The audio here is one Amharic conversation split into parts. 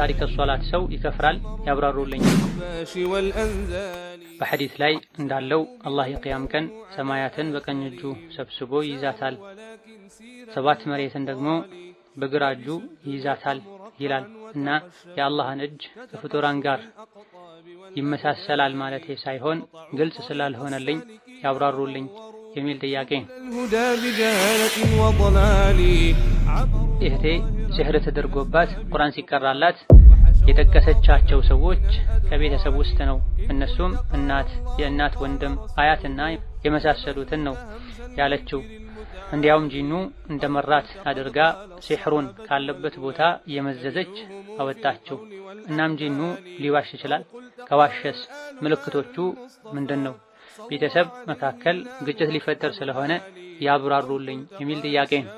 ታሪክ ሶላት ሰው ይከፍራል ያብራሩልኝ። በሐዲስ ላይ እንዳለው አላህ የቅያም ቀን ሰማያትን በቀኝ እጁ ሰብስቦ ይይዛታል፣ ሰባት መሬትን ደግሞ በግራ እጁ ይይዛታል ይላል እና የአላህን እጅ ከፍጡራን ጋር ይመሳሰላል ማለት ሳይሆን ግልጽ ስላልሆነልኝ ያብራሩልኝ። የሚል ጥያቄ እህቴ ስህር ተደርጎባት ቁርአን ሲቀራላት የጠቀሰቻቸው ሰዎች ከቤተሰብ ውስጥ ነው። እነሱም እናት፣ የእናት ወንድም፣ አያትና የመሳሰሉትን ነው ያለችው። እንዲያውም ጂኑ እንደመራት አድርጋ ሲሕሩን ካለበት ቦታ የመዘዘች አወጣችው። እናም ጂኑ ሊዋሽ ይችላል። ከዋሸስ ምልክቶቹ ምንድን ነው? ቤተሰብ መካከል ግጭት ሊፈጠር ስለሆነ ያብራሩልኝ የሚል ጥያቄ ነው።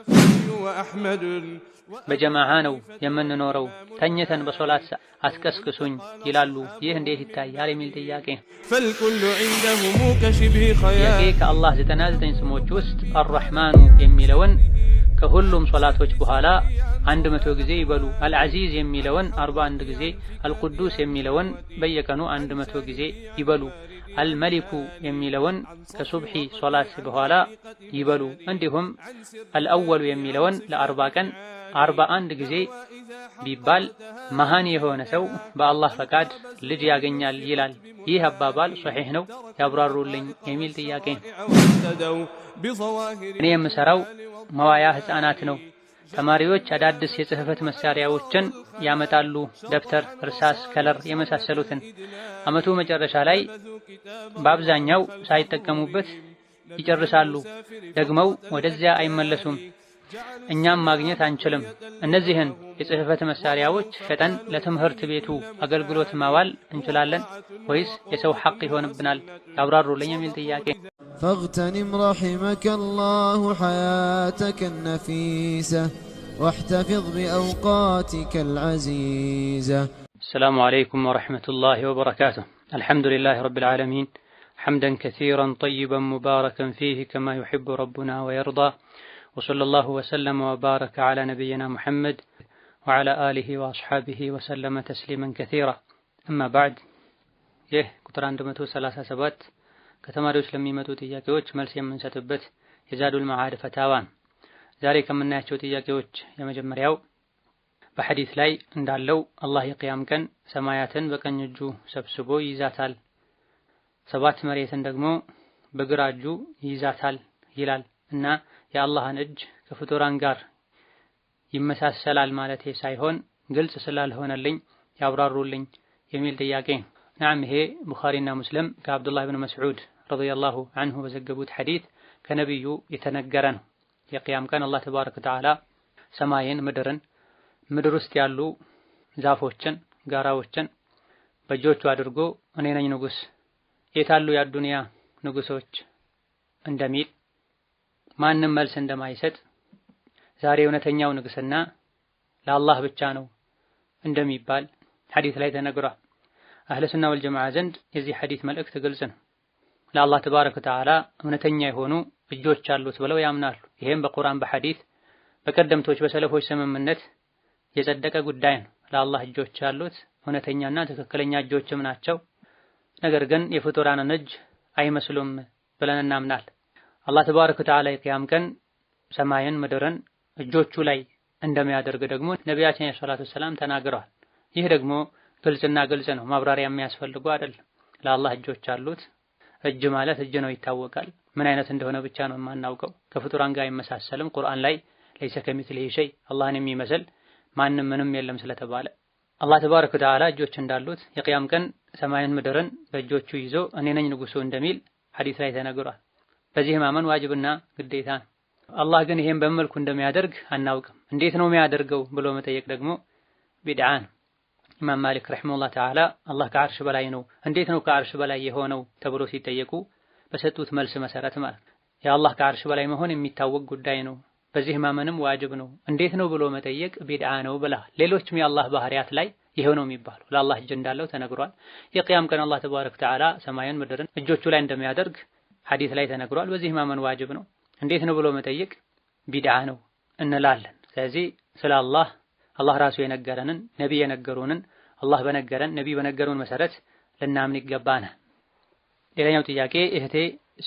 በጀማዓ ነው የምንኖረው፣ ተኝተን በሶላት አትቀስቅሱኝ ይላሉ። ይህ እንዴት ይታያል የሚል ጥያቄ ነው። ጥያቄ ከአላህ 99 ስሞች ውስጥ አራሕማኑ የሚለውን ከሁሉም ሶላቶች በኋላ አንድ መቶ ጊዜ ይበሉ። አልዓዚዝ የሚለውን አንድ ጊዜ፣ አልቁዱስ የሚለውን በየቀኑ አንድ መቶ ጊዜ ይበሉ። አልመሊኩ የሚለውን ከሱብሒ ሶላት በኋላ ይበሉ። እንዲሁም አልአወሉ የሚለውን ለአርባ ቀን አርባ አንድ ጊዜ ቢባል መሃን የሆነ ሰው በአላህ ፈቃድ ልጅ ያገኛል ይላል። ይህ አባባል ሶሒሕ ነው? ያብራሩልኝ የሚል ጥያቄ ነው። እኔ የምሰራው መዋያ ህፃናት ነው። ተማሪዎች አዳዲስ የጽህፈት መሳሪያዎችን ያመጣሉ፣ ደብተር፣ እርሳስ፣ ከለር የመሳሰሉትን። አመቱ መጨረሻ ላይ በአብዛኛው ሳይጠቀሙበት ይጨርሳሉ፣ ደግመው ወደዚያ አይመለሱም። እኛም ማግኘት አንችልም። እነዚህን የጽህፈት መሳሪያዎች ሸጠን ለትምህርት ቤቱ አገልግሎት ማዋል እንችላለን ወይስ የሰው ሐቅ ይሆንብናል? ያብራሩልኝ የሚል ጥያቄ فاغتنم رحمك الله حياتك النفيسة واحتفظ بأوقاتك العزيزة السلام عليكم ورحمة الله وبركاته الحمد لله رب العالمين حمدا كثيرا طيبا مباركا فيه كما يحب ربنا ويرضى وصلى الله وسلم وبارك على نبينا محمد وعلى آله وأصحابه وسلم تسليما كثيرا أما بعد ይህ سلاسة سبات ከተማሪዎች ለሚመጡ ጥያቄዎች መልስ የምንሰጥበት የዛዱል መዓድ ፈታዋ ዛሬ ከምናያቸው ጥያቄዎች የመጀመሪያው በሐዲስ ላይ እንዳለው አላህ የቅያም ቀን ሰማያትን በቀኝ እጁ ሰብስቦ ይይዛታል፣ ሰባት መሬትን ደግሞ በግራ እጁ ይይዛታል ይላል እና የአላህን እጅ ከፍጡራን ጋር ይመሳሰላል ማለቴ ሳይሆን ግልጽ ስላልሆነልኝ ያብራሩልኝ የሚል ጥያቄ ናም ይሄ ቡኻሪና ሙስሊም ከአብዱላህ ብን መስዑድ ረዲየላሁ አንሁ በዘገቡት ሐዲት ከነቢዩ የተነገረ ነው። የቅያም ቀን አላህ ተባረከ ወተዓላ ሰማይን፣ ምድርን፣ ምድር ውስጥ ያሉ ዛፎችን፣ ጋራዎችን በእጆቹ አድርጎ እኔ ነኝ ንጉስ የታሉ የአዱንያ ንጉሶች እንደሚል ማንም መልስ እንደማይሰጥ ዛሬ እውነተኛው ንግስና ለአላህ ብቻ ነው እንደሚባል ሐዲት ላይ ተነግሯል። አህለስና ወልጀማዓ ዘንድ የዚህ ሐዲት መልእክት ግልጽ ነው። ለአላህ ተባረከ ወተዓላ እውነተኛ የሆኑ እጆች አሉት ብለው ያምናሉ። ይሄም በቁርአን በሐዲት በቀደምቶች በሰለፎች ስምምነት የጸደቀ ጉዳይ ነው። ለአላህ እጆች አሉት፣ እውነተኛና ትክክለኛ እጆችም ናቸው። ነገር ግን የፍጡራንን እጅ አይመስሉም ብለን እናምናል። አላህ ተባረከ ወተዓላ የቅያም ቀን ሰማይን ምድርን እጆቹ ላይ እንደሚያደርግ ደግሞ ነቢያችን ሰላቱ ሰላም ተናግረዋል። ይህ ደግሞ ግልጽና ግልጽ ነው። ማብራሪያ የሚያስፈልጉ አይደለም። ለአላህ እጆች አሉት። እጅ ማለት እጅ ነው ይታወቃል። ምን አይነት እንደሆነ ብቻ ነው የማናውቀው። ከፍጡራን ጋር አይመሳሰልም። ቁርአን ላይ ለይሰ ከሚስሊሂ ሸይ አላህን የሚመስል ማንም ምንም የለም ስለተባለ አላህ ተባረከ ወተዓላ እጆች እንዳሉት የቅያም ቀን ሰማይን ምድርን በእጆቹ ይዞ እኔ ነኝ ንጉሱ እንደሚል ሐዲስ ላይ ተነግሯል። በዚህ ማመን ዋጅብና ግዴታ ነው። አላህ ግን ይሄን በመልኩ እንደሚያደርግ አናውቅም። እንዴት ነው የሚያደርገው ብሎ መጠየቅ ደግሞ ቢድዓ ነው። ኢማም ማሊክ ረሂመሁላህ ተዓላ አላህ ከአርሽ በላይ ነው፣ እንዴት ነው ከአርሽ በላይ የሆነው ተብሎ ሲጠየቁ በሰጡት መልስ መሰረት ማለት ነው የአላህ ከአርሽ በላይ መሆን የሚታወቅ ጉዳይ ነው፣ በዚህ ማመንም ዋጅብ ነው፣ እንዴት ነው ብሎ መጠየቅ ቢድዓ ነው ብለሃል። ሌሎችም የአላህ ባህሪያት ላይ ይሄው ነው የሚባሉ ለአላህ እጅ እንዳለው ተነግሯል። የቅያም ቀን አላህ ተባረክ ተዓላ ሰማዩን ምድርን እጆቹ ላይ እንደሚያደርግ ሐዲስ ላይ ተነግሯል። በዚህ ማመን ዋጅብ ነው፣ እንዴት ነው ብሎ መጠየቅ ቢድዓ ነው እንላለን። ስለዚህ ስለ አላህ አላህ ራሱ የነገረንን ነቢይ የነገሩንን አላህ በነገረን ነቢይ በነገሩን መሰረት ልናምን ይገባና። ሌላኛው ጥያቄ እህቴ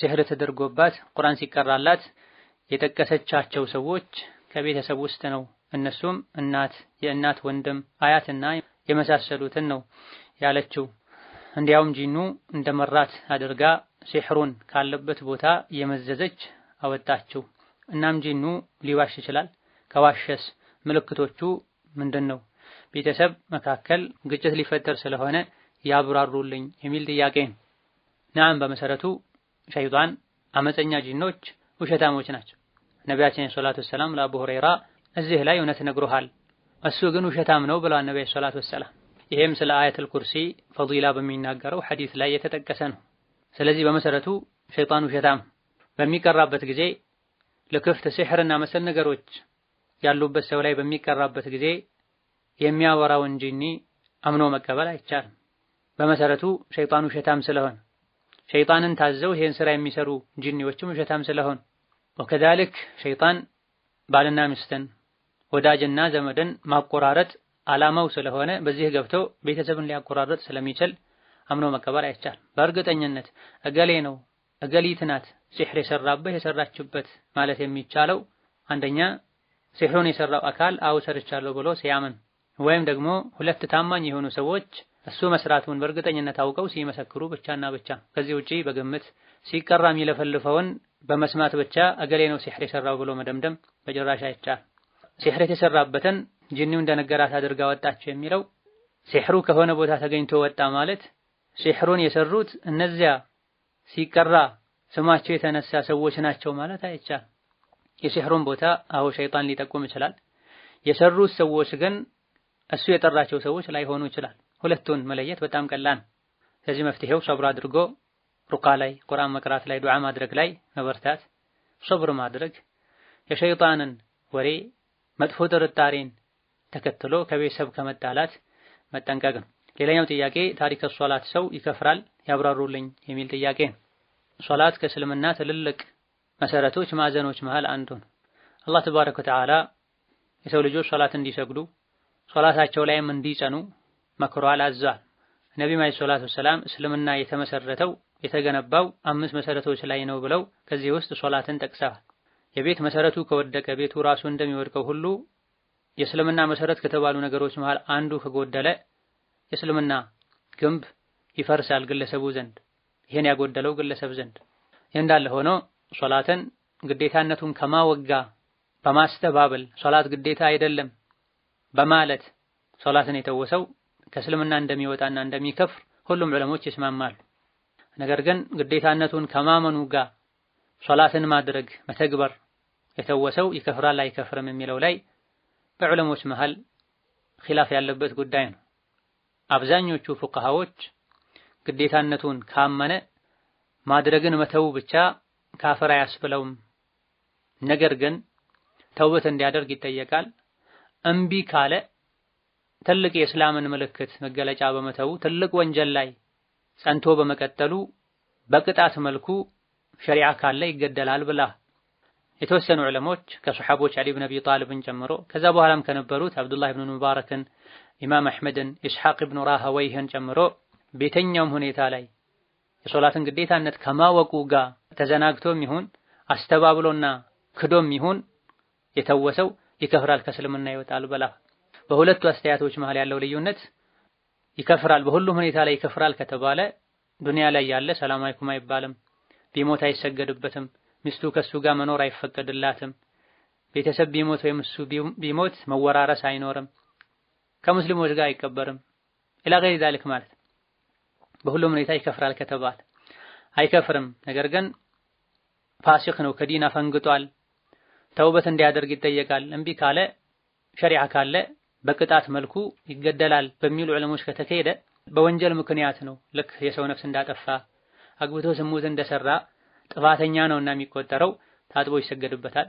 ሲህር ተደርጎባት ቁርአን ሲቀራላት የጠቀሰቻቸው ሰዎች ከቤተሰብ ውስጥ ነው። እነሱም እናት፣ የእናት ወንድም፣ አያትና የመሳሰሉትን ነው ያለችው። እንዲያውም ጂኑ እንደመራት አድርጋ ሲሕሩን ካለበት ቦታ የመዘዘች አወጣችው። እናም ጂኑ ሊዋሽ ይችላል። ከዋሸስ ምልክቶቹ ምንድን ነው? ቤተሰብ መካከል ግጭት ሊፈጠር ስለሆነ ያብራሩልኝ የሚል ጥያቄ ነው። ነአም በመሰረቱ ሸይጣን አመፀኛ ጂኖች ውሸታሞች ናቸው። ነቢያችን ሰላቱ ወሰላም ለአቡ ሁረይራ እዚህ ላይ እውነት ነግሮሃል፣ እሱ ግን ውሸታም ነው ብለዋል ነቢያ ሰላቱ ወሰላም። ይሄም ስለ አያተል ኩርሲ ፈዲላ በሚናገረው ሐዲስ ላይ የተጠቀሰ ነው። ስለዚህ በመሰረቱ ሸይጣን ውሸታም በሚቀራበት ጊዜ ለክፍት ሲሕርና መሰል ነገሮች ያሉበት ሰው ላይ በሚቀራበት ጊዜ የሚያወራው እንጂ አምኖ መቀበል አይቻልም። በመሰረቱ ሸይጣኑ ውሸታም ስለሆነ ሸይጣንን ታዘው ይሄን ስራ የሚሰሩ ጂኒዎችም ውሸታም ስለሆኑ ወከዛልክ ሸይጣን ባልና ሚስትን ወዳጅና ዘመድን ማቆራረጥ አላማው ስለሆነ በዚህ ገብቶ ቤተሰብን ሊያቆራረጥ ስለሚችል አምኖ መቀበል አይቻልም። በእርግጠኝነት እገሌ ነው እገሊት ናት ሲሕር የሰራበት የሰራችበት ማለት የሚቻለው አንደኛ ሲሕሩን የሰራው አካል አው ሰርቻለሁ ብሎ ሲያምን ወይም ደግሞ ሁለት ታማኝ የሆኑ ሰዎች እሱ መስራቱን በእርግጠኝነት አውቀው ሲመሰክሩ ብቻና ብቻ ከዚህ ውጪ በግምት ሲቀራ የሚለፈልፈውን በመስማት ብቻ እገሌ ነው ሲሕር የሰራው ብሎ መደምደም በጭራሽ አይቻል። ሲሕር የተሰራበትን ጅኒው እንደነገራት አድርጋ ወጣች የሚለው ሲሕሩ ከሆነ ቦታ ተገኝቶ ወጣ ማለት ሲሕሩን የሰሩት እነዚያ ሲቀራ ስማቸው የተነሳ ሰዎች ናቸው ማለት አይቻል። የሲሕሩን ቦታ አሁ ሸይጣን ሊጠቁም ይችላል። የሰሩት ሰዎች ግን እሱ የጠራቸው ሰዎች ላይሆኑ ይችላል። ሁለቱን መለየት በጣም ቀላል ነው። ስለዚህ መፍትሄው ሰብር አድርጎ ሩቃ ላይ፣ ቁርአን መቅራት ላይ፣ ዱዓ ማድረግ ላይ መበርታት፣ ሰብር ማድረግ የሸይጣንን ወሬ መጥፎ ጥርጣሬን ተከትሎ ከቤተሰብ ከመጣላት መጠንቀቅ ነው። ሌላኛው ጥያቄ ታሪከ ሶላት ሰው ይከፍራል ያብራሩልኝ የሚል ጥያቄ ነው። ሶላት ከእስልምና ትልልቅ መሰረቶች ማዕዘኖች መሃል አንዱ ነው። አላህ ተባረከ ወተዓላ የሰው ልጆች ሶላት እንዲሰግዱ ሶላታቸው ላይም እንዲጸኑ መክሯል፣ አዟል። ነቢዩ ዓለይሂ ሰላቱ ወሰላም እስልምና የተመሰረተው የተገነባው አምስት መሰረቶች ላይ ነው ብለው ከዚህ ውስጥ ሶላትን ጠቅሰዋል። የቤት መሰረቱ ከወደቀ ቤቱ ራሱ እንደሚወድቀው ሁሉ የእስልምና መሰረት ከተባሉ ነገሮች መሃል አንዱ ከጎደለ የእስልምና ግንብ ይፈርሳል ግለሰቡ ዘንድ ይህን ያጎደለው ግለሰብ ዘንድ ይህ እንዳለ ሆኖ ሶላትን ግዴታነቱን ከማወጋ በማስተባበል ሶላት ግዴታ አይደለም በማለት ሶላትን የተወሰው ከእስልምና እንደሚወጣና እንደሚከፍር ሁሉም ዕለሞች ይስማማሉ። ነገር ግን ግዴታነቱን ከማመኑ ጋር ሶላትን ማድረግ መተግበር የተወሰው ይከፍራል አይከፍርም የሚለው ላይ በዕለሞች መሃል ኺላፍ ያለበት ጉዳይ ነው። አብዛኞቹ ፉቃሃዎች ግዴታነቱን ካመነ ማድረግን መተው ብቻ ካፍር አያስብለውም። ነገር ግን ተውበት እንዲያደርግ ይጠየቃል። እምቢ ካለ ትልቅ የእስላምን ምልክት መገለጫ በመተው ትልቅ ወንጀል ላይ ጸንቶ በመቀጠሉ በቅጣት መልኩ ሸሪዓ ካለ ይገደላል ብላ የተወሰኑ ዕለሞች ከሰሐቦች አሊ ብን አቢ ጣልብን ጨምሮ ከዛ በኋላም ከነበሩት አብዱላህ ብን ሙባረክን፣ ኢማም አሕመድን፣ ኢስሐቅ ብን ራህወይህን ጨምሮ ቤተኛውም ሁኔታ ላይ የሶላትን ግዴታነት ከማወቁ ጋር ተዘናግቶም ይሁን አስተባብሎና ክዶም ይሁን የተወሰው ይከፍራል፣ ከእስልምና ይወጣል። በላ በሁለቱ አስተያየቶች መሃል ያለው ልዩነት ይከፍራል፣ በሁሉም ሁኔታ ላይ ይከፍራል ከተባለ ዱንያ ላይ ያለ ሰላም አለይኩም አይባልም፣ ቢሞት አይሰገድበትም፣ ሚስቱ ከሱ ጋር መኖር አይፈቀድላትም፣ ቤተሰብ ቢሞት ወይም እሱ ቢሞት መወራረስ አይኖርም፣ ከሙስሊሞች ጋር አይቀበርም ኢላ ገይሪ ዛልክ ማለት በሁሉም ሁኔታ ይከፍራል ከተባለ አይከፍርም ነገር ግን ፋሲክ ነው፣ ከዲን አፈንግጧል፣ ተውበት እንዲያደርግ ይጠየቃል። እምቢ ካለ ሸሪዓ ካለ በቅጣት መልኩ ይገደላል በሚሉ ዕለሞች ከተካሄደ በወንጀል ምክንያት ነው። ልክ የሰው ነፍስ እንዳጠፋ አግብቶ ዝሙት እንደሰራ ጥፋተኛ ነውና የሚቆጠረው ታጥቦ ይሰገድበታል፣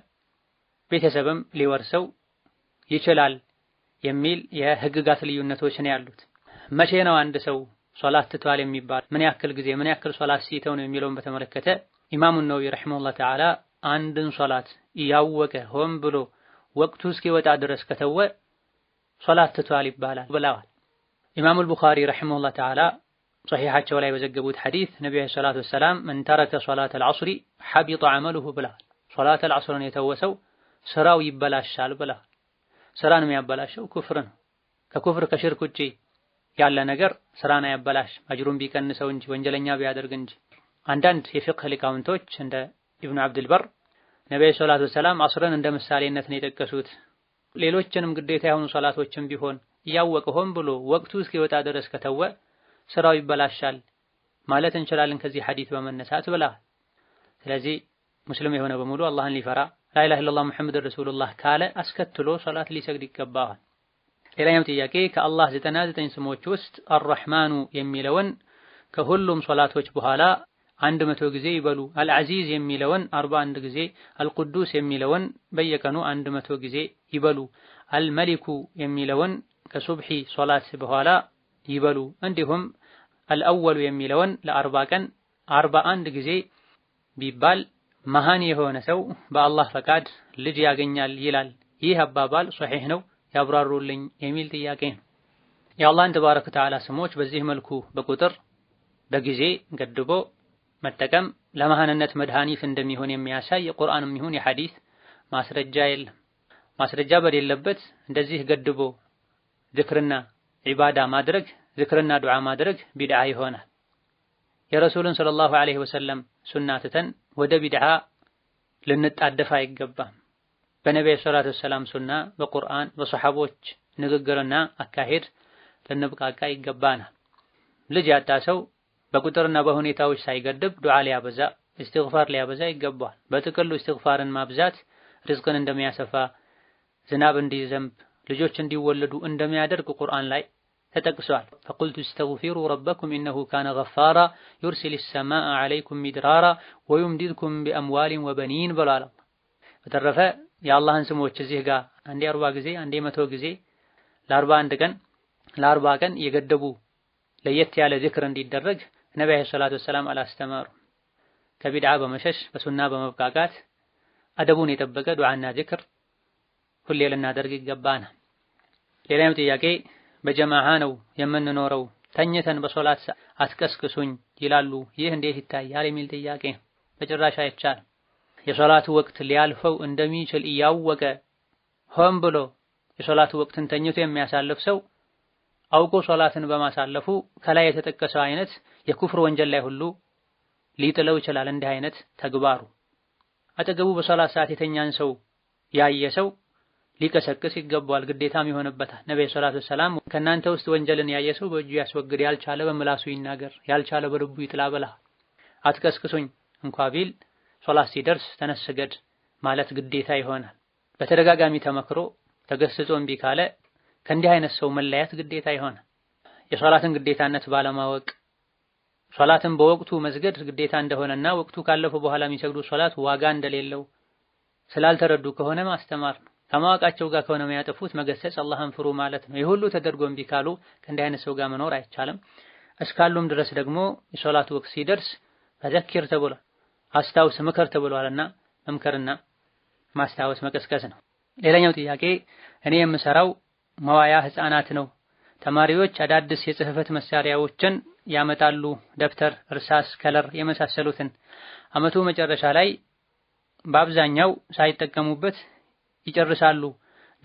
ቤተሰብም ሊወርሰው ይችላል የሚል የህግጋት ልዩነቶች ነው ያሉት። መቼ ነው አንድ ሰው ሶላት ትቷል የሚባል? ምን ያክል ጊዜ ምን ያክል ሶላት ሲተው ነው የሚለውን በተመለከተ ኢማሙ ነወዊ ረሒመሁላህ ተዓላ አንድን ሶላት እያወቀ ሆን ብሎ ወቅቱ እስኪወጣ ድረስ ከተወ ሶላት ትቷል ይባላል ብለዋል። ኢማሙል ቡኻሪ ረሒመሁላህ ተዓላ ሰሒሓቸው ላይ በዘገቡት ሐዲስ ነቢ ዓለይሂ ሰላቱ ወሰላም መን ተረከ ሶላተል ዐስሪ ሐቢጠ ዐመሉሁ ብለዋል። ሶላተል ዐስርን የተወሰው ስራው ይበላሻል ብለዋል። ስራን የሚያበላሸው ኩፍር ነው። ከኩፍር ከሽርክ ውጪ ያለ ነገር ስራን አያበላሽ አጅሩን ቢቀንሰው እንጂ ወንጀለኛ ቢያደርግ እንጂ አንዳንድ የፍቅህ ሊቃውንቶች እንደ ኢብኑ አብድልበር ነቢዩ ሰላቱ ወሰላም አስርን እንደ ምሳሌነት ነው የጠቀሱት። ሌሎችንም ግዴታ የሆኑ ሶላቶችን ቢሆን እያወቀ ሆን ብሎ ወቅቱ እስኪወጣ ድረስ ከተወ ስራው ይበላሻል ማለት እንችላለን ከዚህ ሐዲት በመነሳት ብላ። ስለዚህ ሙስሊም የሆነ በሙሉ አላህን ሊፈራ ላኢላሃ ኢለላህ ሙሐመድ ረሱሉላህ ካለ አስከትሎ ሶላት ሊሰግድ ይገባዋል። ሌላኛው ጥያቄ ከአላህ ዘጠና ዘጠኝ ስሞች ውስጥ አርረሕማኑ የሚለውን ከሁሉም ሶላቶች በኋላ አንድ መቶ ጊዜ ይበሉ። አልዓዚዝ የሚለውን አርባ አንድ ጊዜ፣ አልቁዱስ የሚለውን በየቀኑ አንድ መቶ ጊዜ ይበሉ። አልመሊኩ የሚለውን ከሱብሒ ሶላት በኋላ ይበሉ። እንዲሁም አልአወሉ የሚለውን ለአርባ ቀን አርባ አንድ ጊዜ ቢባል መሃን የሆነ ሰው በአላህ ፈቃድ ልጅ ያገኛል ይላል። ይህ አባባል ሶሒሕ ነው ያብራሩልኝ የሚል ጥያቄ ነው። የአላህን ተባረከ ወተዓላ ስሞች በዚህ መልኩ በቁጥር በጊዜ ገድቦ መጠቀም ለመሃንነት መድኃኒት እንደሚሆን የሚያሳይ የቁርአን ይሁን የሐዲስ ማስረጃ የለም። ማስረጃ በሌለበት እንደዚህ ገድቦ ዝክርና ዒባዳ ማድረግ ዝክርና ዱዓ ማድረግ ቢድዓ ይሆናል። የረሱልን ሰለላሁ ዐለይሂ ወሰለም ሱና ትተን ወደ ቢድዓ ልንጣደፍ አይገባም። በነቢዩ ሰላቱ ወሰላም ሱና፣ በቁርአን በሶሐቦች ንግግርና አካሄድ ልንብቃቃ ይገባናል። ልጅ ያጣ ሰው በቁጥርና በሁኔታዎች ሳይገድብ ዱዓ ሊያበዛ እስትግፋር ሊያበዛ ይገባዋል። በጥቅሉ እስትግፋርን ማብዛት ርዝቅን እንደሚያሰፋ፣ ዝናብ እንዲዘንብ፣ ልጆች እንዲወለዱ እንደሚያደርግ ቁርአን ላይ ተጠቅሷል። ፈቁልቱ እስተግፊሩ ረበኩም ኢነሁ ካነ ገፋራ ዩርሲል ሰማአ ዓለይኩም ሚድራራ ወዩምዲድኩም ቢአምዋሊን ወበኒን ብሏል። በተረፈ የአላህን ስሞች እዚህ ጋር አንዴ አርባ ጊዜ አንዴ መቶ ጊዜ ለአርባ አንድ ቀን ለአርባ ቀን የገደቡ ለየት ያለ ዝክር እንዲደረግ ነቢ ዓለይሂ ሰላቱ ወሰላም አላስተማሩም ከቢድዓ በመሸሽ በሱና በመብቃቃት አደቡን የጠበቀ ዱዓና ዝክር ሁሌ ልናደርግ ይገባናል። ሌላኛው ጥያቄ በጀማዓ ነው የምንኖረው ተኝተን በሶላት አትቀስቅሱኝ ይላሉ። ይህ እንዴት ይታያል የሚል ጥያቄ። በጭራሽ አይቻልም። የሶላቱ ወቅት ሊያልፈው እንደሚችል እያወቀ ሆን ብሎ የሶላቱ ወቅትን ተኝቶ የሚያሳልፍ ሰው አውቆ ሶላትን በማሳለፉ ከላይ የተጠቀሰው አይነት የኩፍር ወንጀል ላይ ሁሉ ሊጥለው ይችላል። እንዲህ አይነት ተግባሩ አጠገቡ በሶላት ሰዓት የተኛን ሰው ያየ ሰው ሊቀሰቅስ ይገባዋል፣ ግዴታም ይሆንበታል። ነብዩ ሶላት ሰላም ከእናንተ ውስጥ ወንጀልን ያየ ሰው በእጁ ያስወግድ፣ ያልቻለ በምላሱ ይናገር፣ ያልቻለ በልቡ ይጥላ በላ አትቀስቅሱኝ እንኳ ቢል ሶላት ሲደርስ ተነስገድ ማለት ግዴታ ይሆናል። በተደጋጋሚ ተመክሮ ተገስጾ እምቢ ካለ ከእንዲህ አይነት ሰው መለያት ግዴታ ይሆን? የሶላትን ግዴታነት ባለማወቅ ሶላትን በወቅቱ መስገድ ግዴታ እንደሆነና ወቅቱ ካለፈ በኋላ የሚሰግዱ ሶላት ዋጋ እንደሌለው ስላልተረዱ ከሆነ ማስተማር ነው። ከማወቃቸው ጋር ከሆነ የሚያጠፉት መገሰጽ፣ አላህን ፍሩ ማለት ነው። የሁሉ ተደርጎ እምቢ ካሉ ከእንዲህ አይነት ሰው ጋር መኖር አይቻልም። እስካሉም ድረስ ደግሞ የሶላት ወቅት ሲደርስ ፈዘኪር ተብሏል፣ አስታውስ፣ ምክር ተብሏልና መምከርና ማስታወስ መቀስቀስ ነው። ሌላኛው ጥያቄ እኔ የምሰራው መዋያ ህፃናት ነው። ተማሪዎች አዳዲስ የጽህፈት መሳሪያዎችን ያመጣሉ፣ ደብተር፣ እርሳስ፣ ከለር የመሳሰሉትን። አመቱ መጨረሻ ላይ በአብዛኛው ሳይጠቀሙበት ይጨርሳሉ፣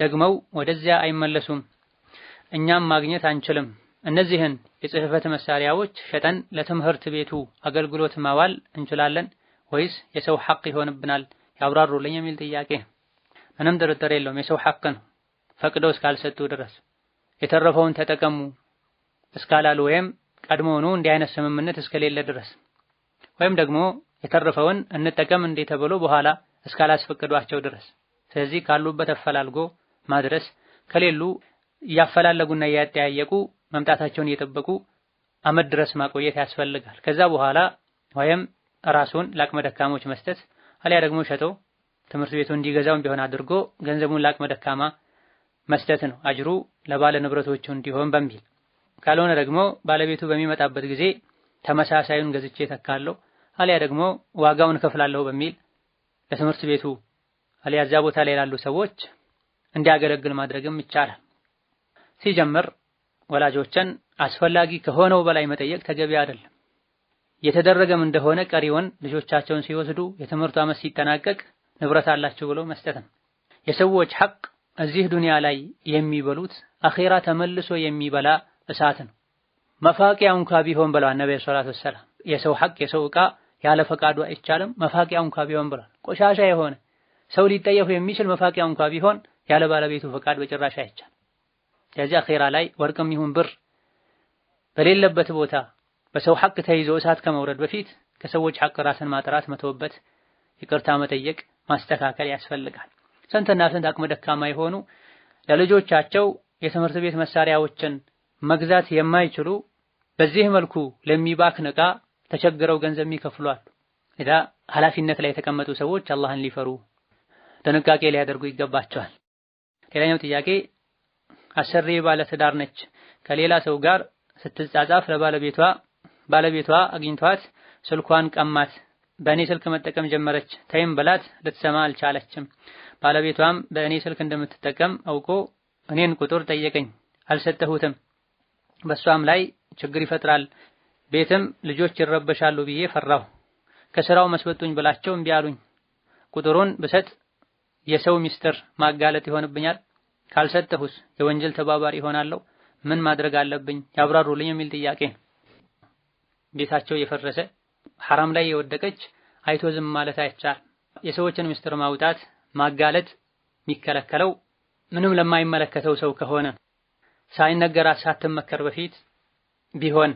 ደግመው ወደዚያ አይመለሱም። እኛም ማግኘት አንችልም። እነዚህን የጽህፈት መሳሪያዎች ሸጠን ለትምህርት ቤቱ አገልግሎት ማዋል እንችላለን ወይስ የሰው ሐቅ ይሆንብናል? ያብራሩልኝ የሚል ጥያቄ። ምንም ጥርጥር የለውም የሰው ሐቅ ነው። ፈቅደው እስካልሰጡ ድረስ የተረፈውን ተጠቀሙ እስካላሉ ወይም ቀድሞውኑ እንዲህ አይነት ስምምነት እስከሌለ ድረስ ወይም ደግሞ የተረፈውን እንጠቀም እንዴ ተብሎ በኋላ እስካላስፈቅዷቸው ድረስ ስለዚህ ካሉበት አፈላልጎ ማድረስ ከሌሉ እያፈላለጉና እያጠያየቁ መምጣታቸውን እየጠበቁ አመድ ድረስ ማቆየት ያስፈልጋል። ከዛ በኋላ ወይም ራሱን ለአቅመ ደካሞች መስጠት አሊያ ደግሞ ሸጦ ትምህርት ቤቱ እንዲገዛው ቢሆን አድርጎ ገንዘቡን ለአቅመ ደካማ መስጠት ነው አጅሩ ለባለ ንብረቶቹ እንዲሆን በሚል ካልሆነ ደግሞ ባለቤቱ በሚመጣበት ጊዜ ተመሳሳዩን ገዝቼ ተካለሁ አሊያ ደግሞ ዋጋውን ከፍላለሁ በሚል ለትምህርት ቤቱ አሊያ እዛ ቦታ ላይ ላሉ ሰዎች እንዲያገለግል ማድረግም ይቻላል። ሲጀምር ወላጆችን አስፈላጊ ከሆነው በላይ መጠየቅ ተገቢ አይደለም። የተደረገም እንደሆነ ቀሪውን ልጆቻቸውን ሲወስዱ የትምህርቱ ዓመት ሲጠናቀቅ ንብረት አላችሁ ብሎ መስጠት ነው። የሰዎች ሐቅ እዚህ ዱንያ ላይ የሚበሉት አኼራ ተመልሶ የሚበላ እሳት ነው። መፋቂያ እንኳ ቢሆን ብለዋል ነብዩ ሰለላሁ ዐለይሂ የሰው ሐቅ የሰው ዕቃ ያለ ፈቃዱ አይቻልም። መፋቂያ እንኳ ቢሆን ብለዋል። ቆሻሻ የሆነ ሰው ሊጠየፉ የሚችል መፋቂያ እንኳ ቢሆን ያለ ባለቤቱ ፈቃድ በጭራሽ አይቻልም። የዚህ አኼራ ላይ ወርቅም ይሁን ብር በሌለበት ቦታ በሰው ሐቅ ተይዞ እሳት ከመውረድ በፊት ከሰዎች ሐቅ ራስን ማጥራት፣ መተውበት፣ ይቅርታ መጠየቅ፣ ማስተካከል ያስፈልጋል። ስንትና ስንት አቅመ ደካማ የሆኑ ለልጆቻቸው የትምህርት ቤት መሳሪያዎችን መግዛት የማይችሉ በዚህ መልኩ ለሚባክን ዕቃ ተቸግረው ገንዘብ ይከፍሏል። ኢዳ ኃላፊነት ላይ የተቀመጡ ሰዎች አላህን ሊፈሩ ጥንቃቄ ሊያደርጉ ይገባቸዋል። ሌላኛው ጥያቄ አሰሪ ባለ ትዳር ነች። ከሌላ ሰው ጋር ስትጻጻፍ ለባለቤቷ ባለቤቷ አግኝቷት ስልኳን ቀማት በእኔ ስልክ መጠቀም ጀመረች። ተይም በላት ልትሰማ አልቻለችም። ባለቤቷም በእኔ ስልክ እንደምትጠቀም አውቆ እኔን ቁጥር ጠየቀኝ፣ አልሰጠሁትም። በሷም ላይ ችግር ይፈጥራል፣ ቤትም ልጆች ይረበሻሉ ብዬ ፈራሁ። ከስራው መስበጡኝ ብላቸው እምቢ አሉኝ። ቁጥሩን ብሰጥ የሰው ሚስጥር ማጋለጥ ይሆንብኛል፣ ካልሰጠሁስ የወንጀል ተባባሪ ይሆናለሁ። ምን ማድረግ አለብኝ ያብራሩልኝ የሚል ጥያቄ ቤታቸው የፈረሰ ሐራም ላይ የወደቀች አይቶ ዝም ማለት አይቻል። የሰዎችን ምስጢር ማውጣት ማጋለጥ የሚከለከለው ምንም ለማይመለከተው ሰው ከሆነ ሳይነገራት ሳትመከር በፊት ቢሆን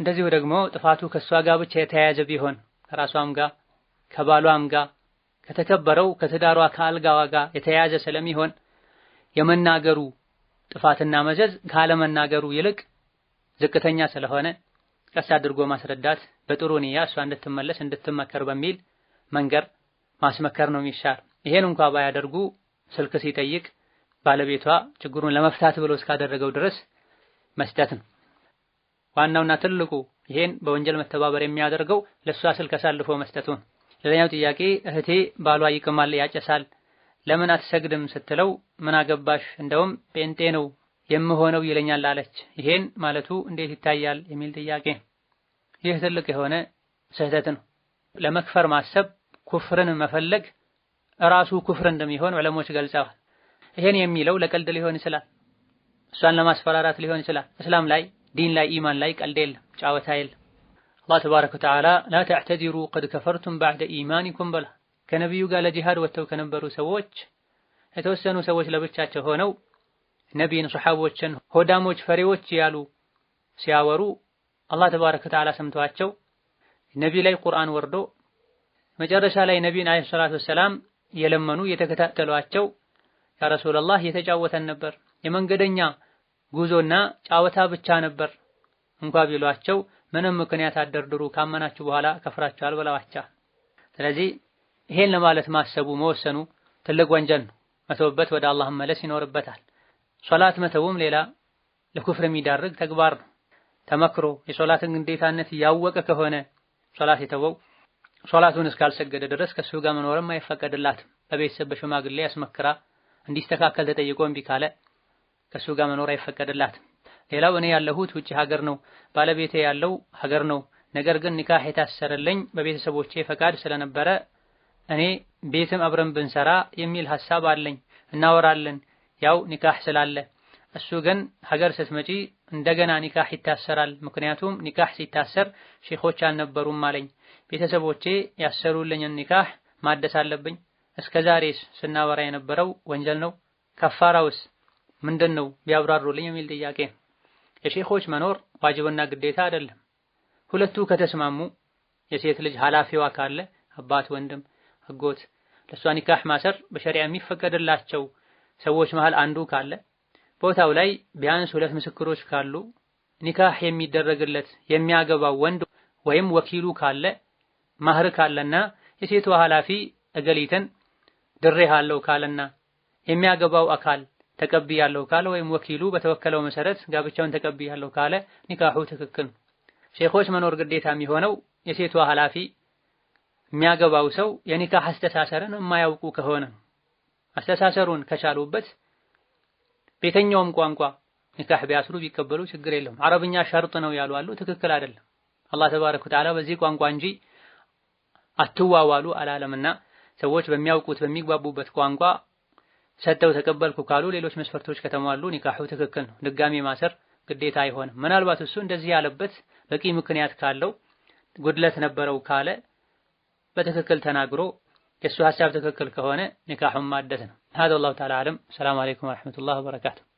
እንደዚሁ ደግሞ ጥፋቱ ከእሷ ጋር ብቻ የተያያዘ ቢሆን ከራሷም ጋር ከባሏም ጋር ከተከበረው ከትዳሯ ከአልጋዋ ጋር የተያያዘ ስለሚሆን የመናገሩ ጥፋትና መዘዝ ካለመናገሩ ይልቅ ዝቅተኛ ስለሆነ ቀስ አድርጎ ማስረዳት በጥሩ ንያ እሷ እንድትመለስ እንድትመከር በሚል መንገድ ማስመከር ነው የሚሻል። ይሄን እንኳ ባያደርጉ ስልክ ሲጠይቅ ባለቤቷ ችግሩን ለመፍታት ብሎ እስካደረገው ድረስ መስጠት ነው ዋናውና ትልቁ። ይሄን በወንጀል መተባበር የሚያደርገው ለእሷ ስልክ አሳልፎ መስጠቱ ነው። ሌላኛው ጥያቄ እህቴ ባሏ ይቅማል፣ ያጨሳል ለምን አትሰግድም ስትለው ምን አገባሽ እንደውም ጴንጤ ነው የምሆነው ይለኛል አለች። ይሄን ማለቱ እንዴት ይታያል የሚል ጥያቄ ይህ ትልቅ የሆነ ስህተት ነው። ለመክፈር ማሰብ ኩፍርን መፈለግ ራሱ ኩፍር እንደሚሆን ዕለሞች ገልጸዋል። ይሄን የሚለው ለቀልድ ሊሆን ይችላል፣ እሷን ለማስፈራራት ሊሆን ይችላል። እስላም ላይ ዲን ላይ ኢማን ላይ ቀልድ የለም፣ ጫወታ የለም። አላህ ተባረከ ወተዓላ ላ ተዕተዲሩ ቀድ ከፈርቱም ባዕደ ኢማኒኩም በላ ከነቢዩ ጋር ለጂሃድ ወጥተው ከነበሩ ሰዎች የተወሰኑ ሰዎች ለብቻቸው ሆነው ነቢይን፣ ሰሓቦችን ሆዳሞች፣ ፈሬዎች ያሉ ሲያወሩ አላህ ተባረከ ወተዓላ ሰምቷቸው ነቢ ላይ ቁርአን ወርዶ መጨረሻ ላይ ነቢን አለይሂ ሰላቱ ወሰላም የለመኑ የተከታተሏቸው ያ ረሱላህ የተጫወተን ነበር የመንገደኛ ጉዞና ጫወታ ብቻ ነበር እንኳ ቢሏቸው ምንም ምክንያት አደርድሩ ካመናችሁ በኋላ ከፍራችኋል ብለዋቸው። ስለዚህ ይሄን ለማለት ማሰቡ መወሰኑ ትልቅ ወንጀል ነው። መተውበት ወደ አላህ መለስ ይኖርበታል። ሶላት መተውም ሌላ ለኩፍር የሚዳርግ ተግባር ነው። ተመክሮ የሶላትን ግዴታነት ያወቀ ከሆነ ሶላት የተወው ሶላቱን እስካልሰገደ ድረስ ከሱ ጋር መኖርም አይፈቀድላትም። በቤተሰብ በሽማግሌ አስመክራ እንዲስተካከል ተጠይቆ እምቢ ካለ ከሱ ጋር መኖር አይፈቀድላትም። ሌላው እኔ ያለሁት ውጭ ሀገር ነው፣ ባለቤቴ ያለው ሀገር ነው። ነገር ግን ኒካህ የታሰረልኝ በቤተሰቦቼ ፈቃድ ስለነበረ እኔ ቤትም አብረን ብንሰራ የሚል ሀሳብ አለኝ። እናወራለን ያው ኒካህ ስላለ እሱ ግን ሀገር ስትመጪ እንደገና ኒካህ ይታሰራል። ምክንያቱም ኒካህ ሲታሰር ሼኾች አልነበሩም አለኝ። ቤተሰቦቼ ያሰሩልኝን ኒካህ ማደስ አለብኝ። እስከ ዛሬስ ስናወራ የነበረው ወንጀል ነው፣ ከፋራውስ ምንድን ነው ቢያብራሩልኝ የሚል ጥያቄ። የሼኾች መኖር ዋጅብና ግዴታ አይደለም። ሁለቱ ከተስማሙ የሴት ልጅ ኃላፊዋ ካለ አባት፣ ወንድም፣ አጎት ለሷ ኒካህ ማሰር በሸሪያ የሚፈቀድላቸው ሰዎች መሃል አንዱ ካለ ቦታው ላይ ቢያንስ ሁለት ምስክሮች ካሉ ኒካህ የሚደረግለት የሚያገባው ወንድ ወይም ወኪሉ ካለ ማህር ካለና የሴቷ ኃላፊ እገሊትን ድሬሃለሁ ካለና የሚያገባው አካል ተቀብያለሁ ካለ ወይም ወኪሉ በተወከለው መሰረት ጋብቻውን ተቀብያለሁ ካለ ኒካሁ ትክክል። ሼኾች መኖር ግዴታ የሚሆነው የሴቷ ኃላፊ የሚያገባው ሰው የኒካህ አስተሳሰርን የማያውቁ ከሆነ አስተሳሰሩን ከቻሉበት ቤተኛውም ቋንቋ ኒካህ ቢያስሩ ቢቀበሉ ችግር የለውም። አረብኛ ሸርጥ ነው ያሉ አሉ። ትክክል አይደለም። አላህ ተባረከ ወተዓላ በዚህ ቋንቋ እንጂ አትዋዋሉ አላለምና ሰዎች በሚያውቁት በሚግባቡበት ቋንቋ ሰጥተው ተቀበልኩ ካሉ ሌሎች መስፈርቶች ከተሟሉ ኒካሁ ትክክል ነው። ድጋሚ ማሰር ግዴታ አይሆንም። ምናልባት እሱ እንደዚህ ያለበት በቂ ምክንያት ካለው ጉድለት ነበረው ካለ በትክክል ተናግሮ የእሱ ሀሳብ ትክክል ከሆነ ኒካሁን ማደስ ነው። هذا والله تعالى أعلم السلام عليكم ورحمة الله وبركاته